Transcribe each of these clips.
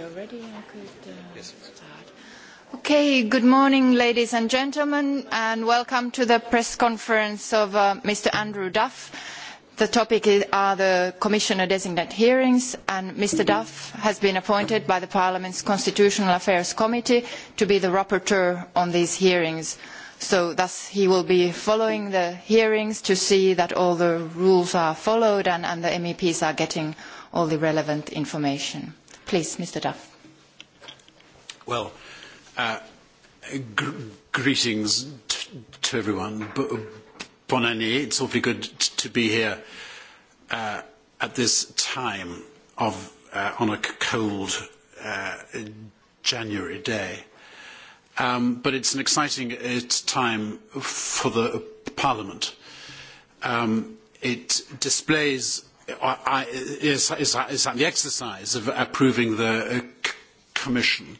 are ready, I could start. Okay, good morning, ladies and gentlemen, and welcome to the press conference of Mr. Andrew Duff. The topic is the Commissioner-designate hearings, and Mr. Duff has been appointed by the Parliament's Constitutional Affairs Committee to be the rapporteur on these hearings. So thus he will be following the hearings to see that all the rules are followed and the MEPs are getting all the relevant information. Please, Mr. Duff. Well, greetings to everyone. Bon année. It's awfully good to be here at this time of on a cold January day. But it's an exciting time for the Parliament. It displays is the exercise of approving the Commission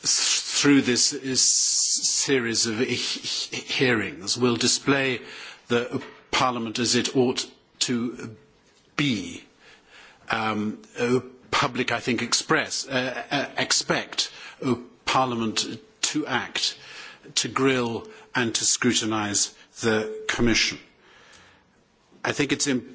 through this series of hearings will display the Parliament as it ought to be. Public, I think, express expect Parliament to act, to grill and to scrutinise the Commission. I think it's important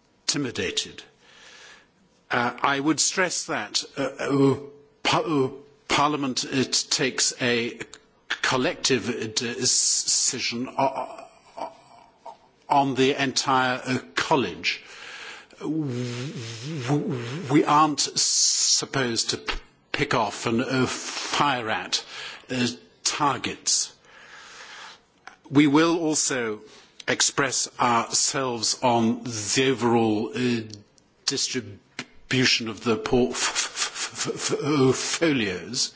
intimidated. I would stress that Parliament takes a collective decision on the entire college. We aren't supposed to pick off and fire at targets. We will also express ourselves on the overall distribution of the portfolios.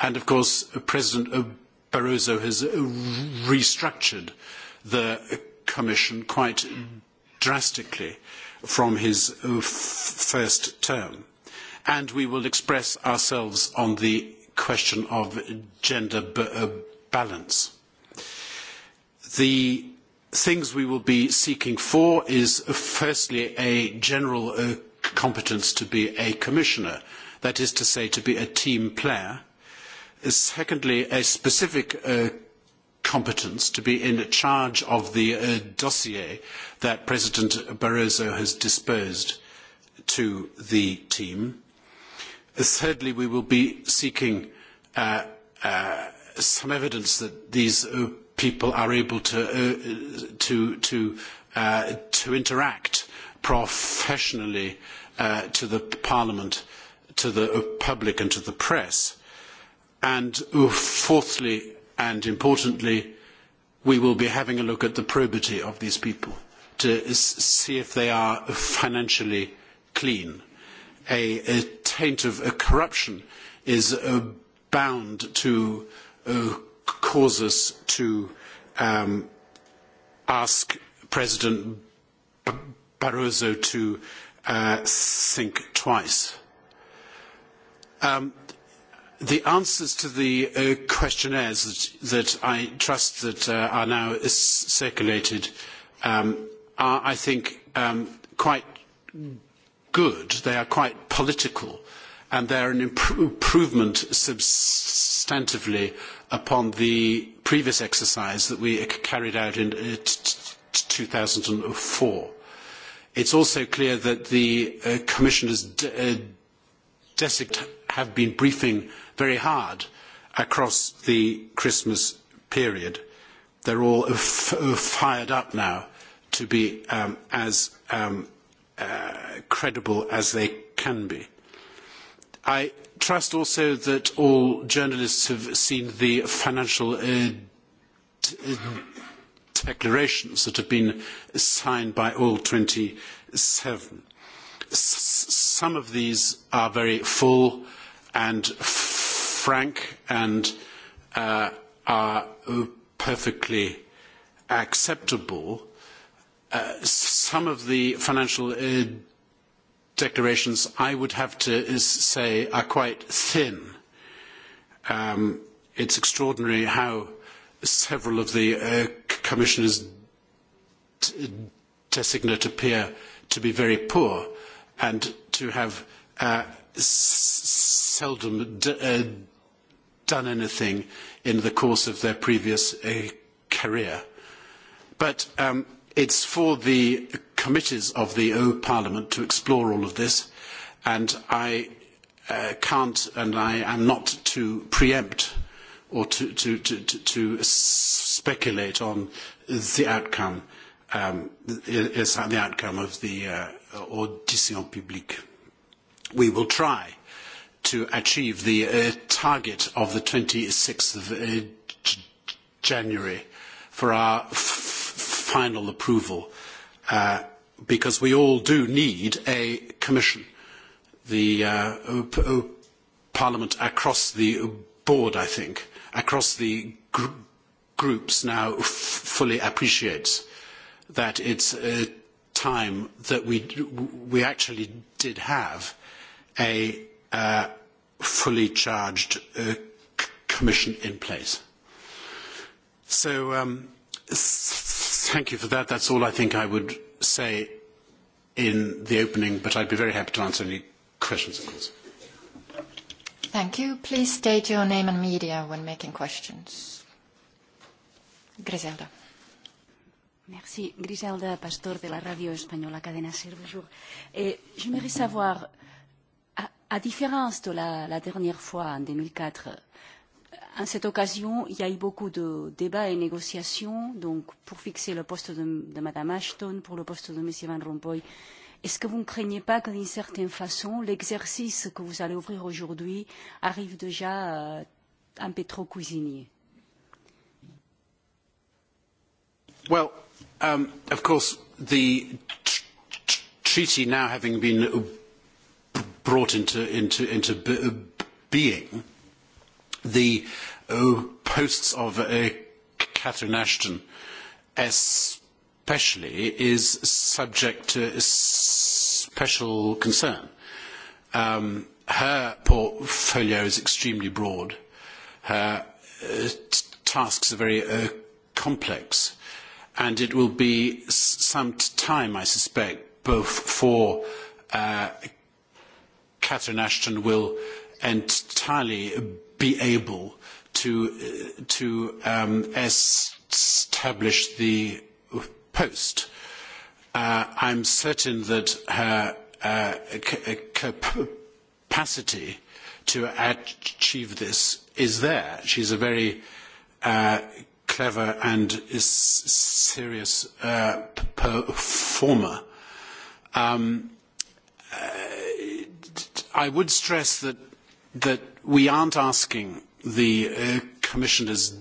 And of course, President Barroso has restructured the Commission quite drastically from his first term. And we will express ourselves on the question of gender balance. The things we will be seeking for is firstly a general competence to be a commissioner, that is to say to be a team player. Secondly, a specific competence to be in charge of the dossier that President Barroso has disposed to the team. Thirdly, we will be seeking some evidence that these people are able to interact professionally to the Parliament, to the public and to the press. And fourthly and importantly, we will be having a look at the probity of these people to see if they are financially clean. A taint of corruption is bound to causes to ask President Barroso to think twice. The answers to the questionnaires that I trust that are now circulated are, I think, quite good. They are quite political, and they are an improvement substantively upon the previous exercise that we carried out in 2004. It's also clear that the commissioners have been briefing very hard across the Christmas period. They're all fired up now to be as credible as they can be. I trust also that all journalists have seen the financial declarations that have been signed by all 27. Some of these are very full and frank and are perfectly acceptable. Some of the financial declarations, I would have to say, are quite thin. It's extraordinary how several of the commissioners designate appear to be very poor and to have seldom done anything in the course of their previous career. But it's for the committees of the Parliament to explore all of this, and I can't and I am not to preempt or to speculate on the outcome the outcome of the audition publique. We will try to achieve the target of the 26th of January for our final approval because we all do need a commission. The Parliament across the board, I think, across the groups now fully appreciates that it's time that we actually did have a fully charged commission in place. So Thank you for that. That's all I think I would say in the opening, but I'd be very happy to answer any questions, of course. Thank you. Please state your name and media when making questions. Griselda. Merci. Griselda Pastor de la radio Española Cadena Ser. Bonjour. voudrais savoir, à différence de la dernière fois, en 2004, À cette occasion, il y a eu beaucoup de débats et négociations. Donc, pour fixer le poste de Madame Ashton, pour le poste de M. Van Rompuy, est-ce que vous ne craignez pas que, d'une certaine façon, l'exercice que vous allez ouvrir aujourd'hui arrive déjà un peu trop cuisinier Well, of course, the treaty now having been brought into being the posts of Catherine Ashton especially is subject to special concern. Her portfolio is extremely broad. Her tasks are very complex. And it will be some time, I suspect, before Catherine Ashton will entirely be able to establish the post. I'm certain that her capacity to achieve this is there. She is a very clever and serious performer. I would stress that that we aren't asking the commissioners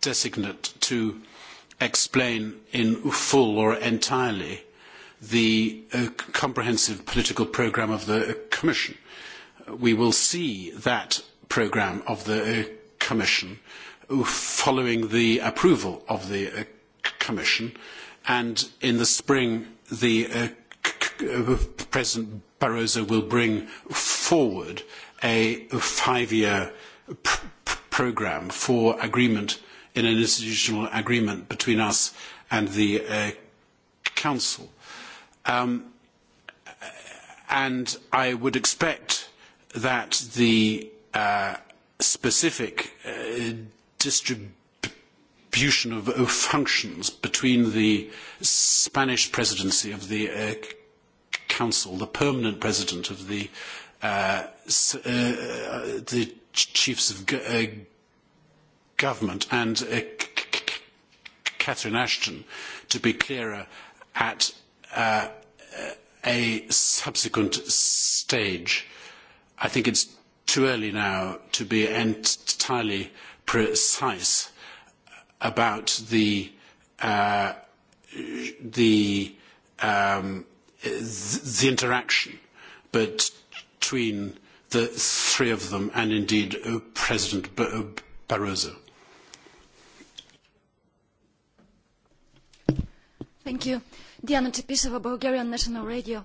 designate to explain in full or entirely the comprehensive political programme of the commission. we will see that programme of the commission following the approval of the commission and in the spring the president barroso will bring forward a five-year program for agreement in an institutional agreement between us and the Council. And I would expect that the specific distribution of functions between the Spanish presidency of the Council, the permanent president of the the chiefs of government and Catherine Ashton to be clearer at a subsequent stage. I think it's too early now to be entirely precise about the the interaction, but between the three of them and indeed President Barroso. Thank you. Diana Tepisova, Bulgarian National Radio.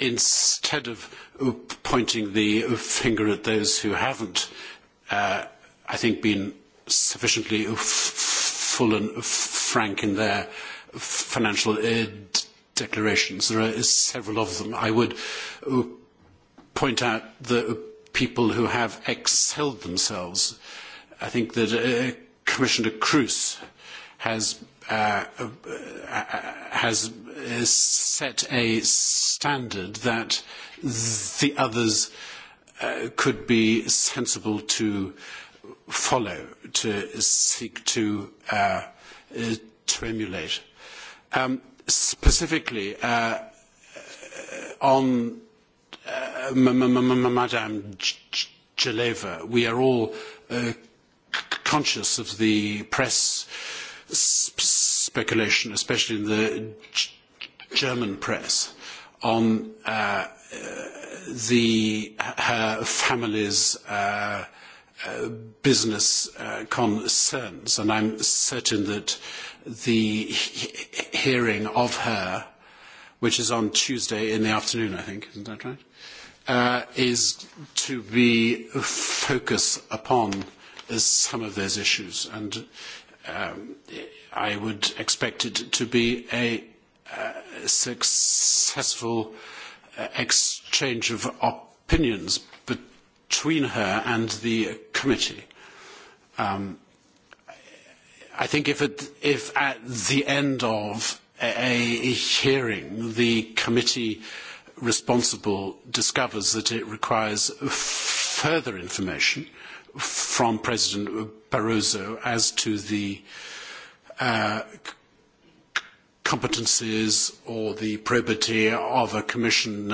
instead of pointing the finger at those who haven't, I think, been sufficiently full and frank in their financial declarations. There are several of them. I would point out the people who have excelled themselves. I think that Commissioner Cruz has has set a standard that the others could be sensible to follow, to seek to emulate. Specifically, on Madame Geleva, we are all conscious of the press speculation, especially in the German press, on the her family's business concerns, and I'm certain that the hearing of her, which is on Tuesday in the afternoon, I think, isn't that right, is to be focused upon some of those issues, and I would expect it to be a successful exchange of opinions between her and the committee. I think if at the end of a hearing the committee responsible discovers that it requires further information, from President Barroso as to the competences or the probity of a commission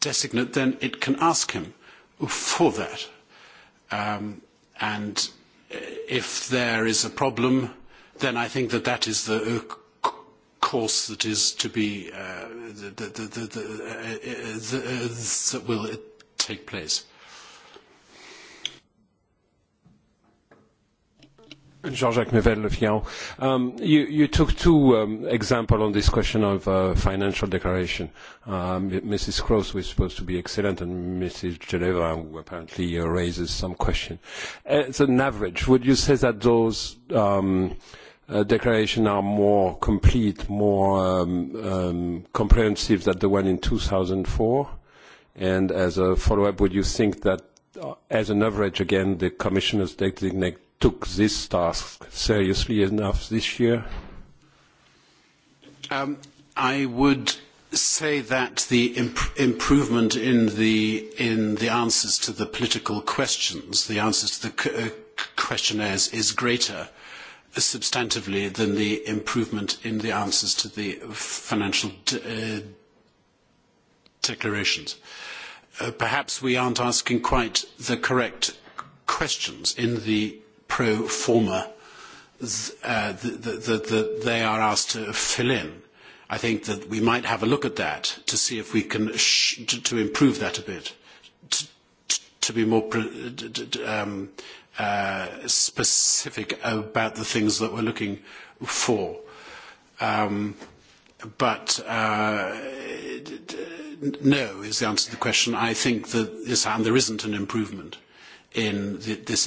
designate, then it can ask him for that. And if there is a problem, then I think that that is the course that is to be that will take place. Jean-Jacques Mevel, Le Figaro. You took two examples on this question of financial declaration. Mrs. Cross was supposed to be excellent, and Mrs. Geneva, who apparently raises some question. As an average, would you say that those declarations are more complete, more comprehensive than the one in 2004? And as a follow-up, would you think that, as an average, again, the commissioners designate took this task seriously enough this year? I would say that the improvement in the answers to the political questions, the answers to the questionnaires, is greater substantively than the improvement in the answers to the financial declarations. Perhaps we aren't asking quite the correct questions in the pro forma that they are asked to fill in. I think that we might have a look at that to see if we can to improve that a bit, to be more specific about the things that we're looking for. But no is the answer to the question. I think that, there isn't an improvement in this